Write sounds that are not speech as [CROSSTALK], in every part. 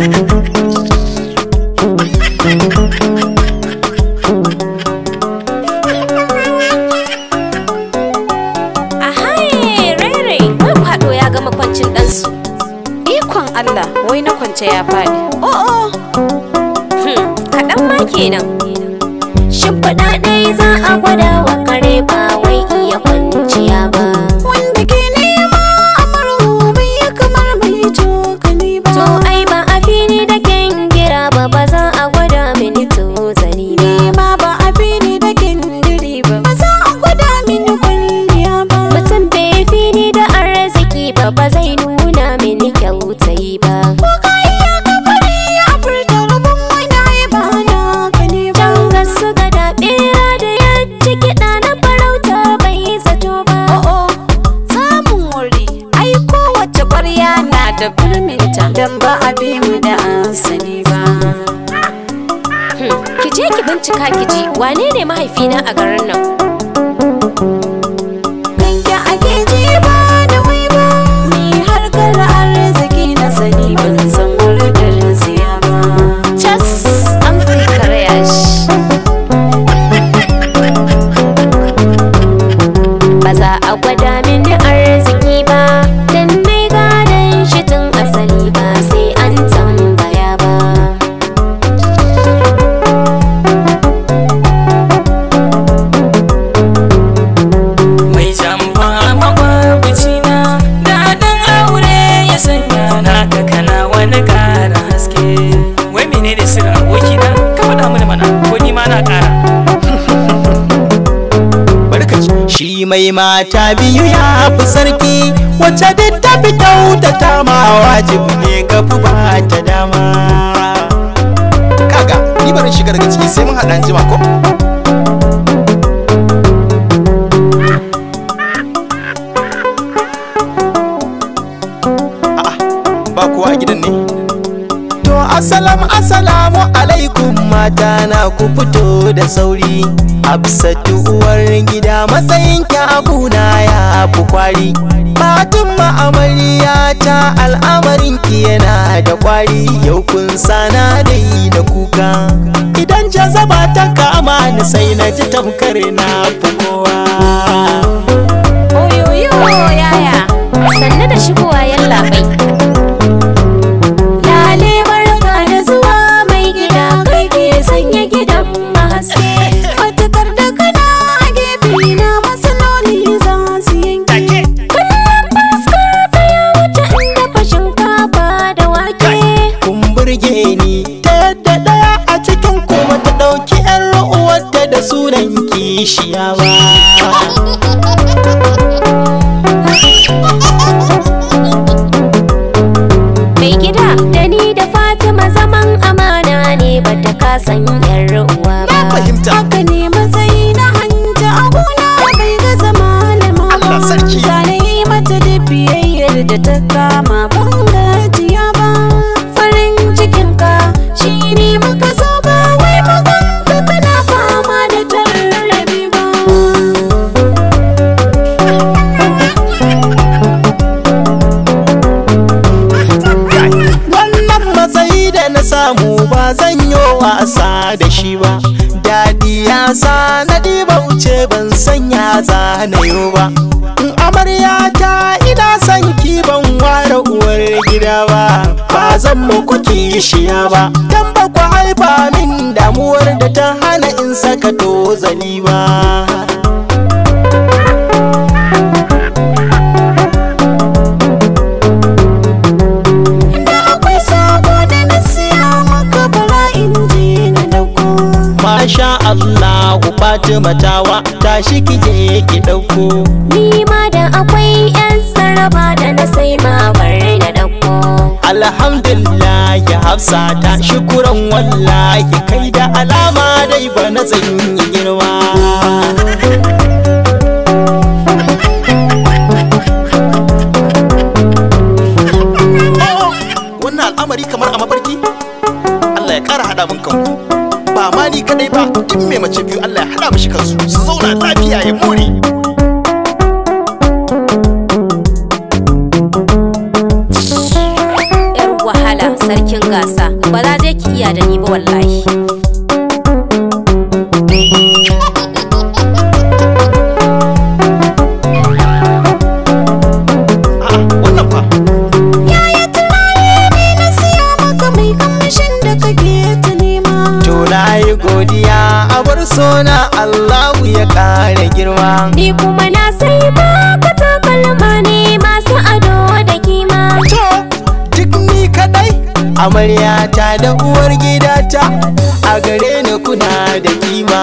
Thank you. mai mata biyu ya fi sarki wacce duk ta fi kyautata ma wajibi ne ka fi ba ta dama kaga ni barin shiga daga ciki sai mun haɗa jima ko Assalamu assalamu alaikum mata na ku fito da sauri Hafsatu uwar gida matsayin abuna ya fi kwari Fatima amarya ta al'amarin ki yana da kwari yau kun sana dai da kuka Idan jazaba ta kama ni sai na ji tamkar na fukowa Oyoyo yaya sanna da shigowa yallaɓai sunan kishiyawa. da shi ba daɗi ya sa na ba wuce ban sanya za na ba in amarya ta ina son ki ban ware uwar gida ba ba zan muku kishiya ba dan ba ku haifa min damuwar da ta hana in saka zali ba Allahu Fatima ta shi kije ki dauko ni ma da akwai yan saraba da na sai ma bare da dauko alhamdulillah ya hafsa ta shukuran wallahi kai da alama dai ba na zan girma kadai ba in mai mace biyu Allah ya hada mishi kansu su zo godiya a bar sona Allahu ya ƙara girma ni kuma na sai ba takalma ne masu ado da kima to duk ni kadai amarya da uwar gidata a gare ni kuna da kima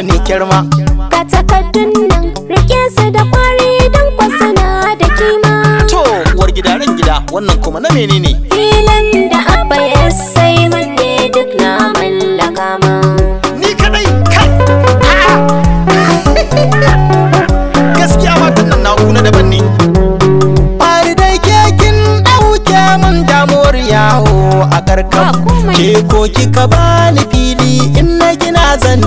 ƙur'ani kirma ga nan rike su da kwari don kwasana da kima to war gida ran gida wannan kuma na menene filan da abba ya sai manne duk na mallaka ma ni kadai kai [LAUGHS] gaskiya matan nan na kuna daban ne bari dai kekin dauke mun damuwar yawo a karkam ke ko kika bani fili zan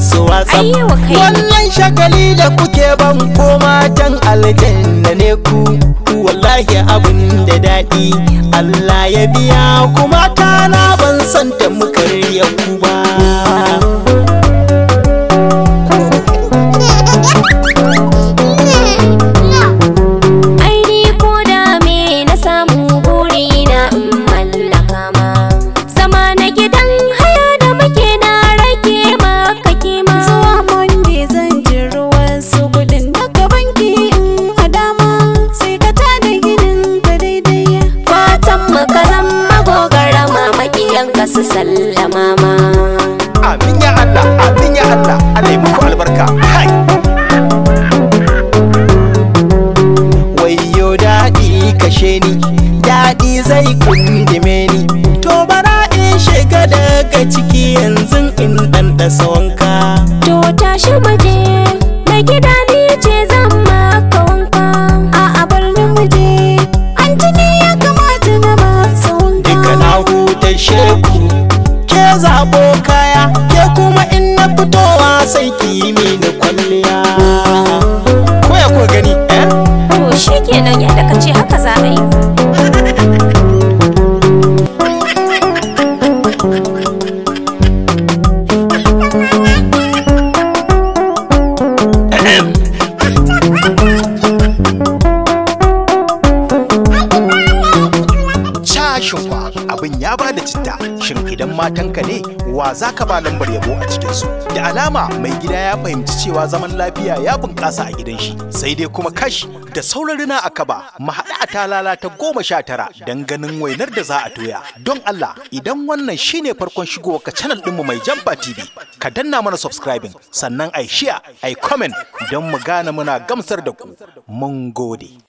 su wasa wannan shagali da kuke ban ko matan aljanna ne ku wallahi abun da daɗi Allah ya biya kuma tana ban san ta muka ku ba su sallama ma amin ya Allah amin ya Allah Allah muku albarka hai wayo daɗi kashe ni daɗi zai kundume ni to bara in shiga daga ciki yanzu in ɗanɗasa wanka to tashi maje. sei que wa za ka ba lambar yabo a cikinsu da alama mai gida ya fahimci cewa zaman lafiya ya bunƙasa a gidan shi sai dai kuma kash da saurarina a ba, mu haɗu a ta ta goma sha tara don ganin wainar da za a toya don Allah idan wannan shine farkon shigowa ka canal ɗinmu mai jamfa TV ka danna mana subscribing sannan ai share ai comment don mu gane muna gamsar da ku mun gode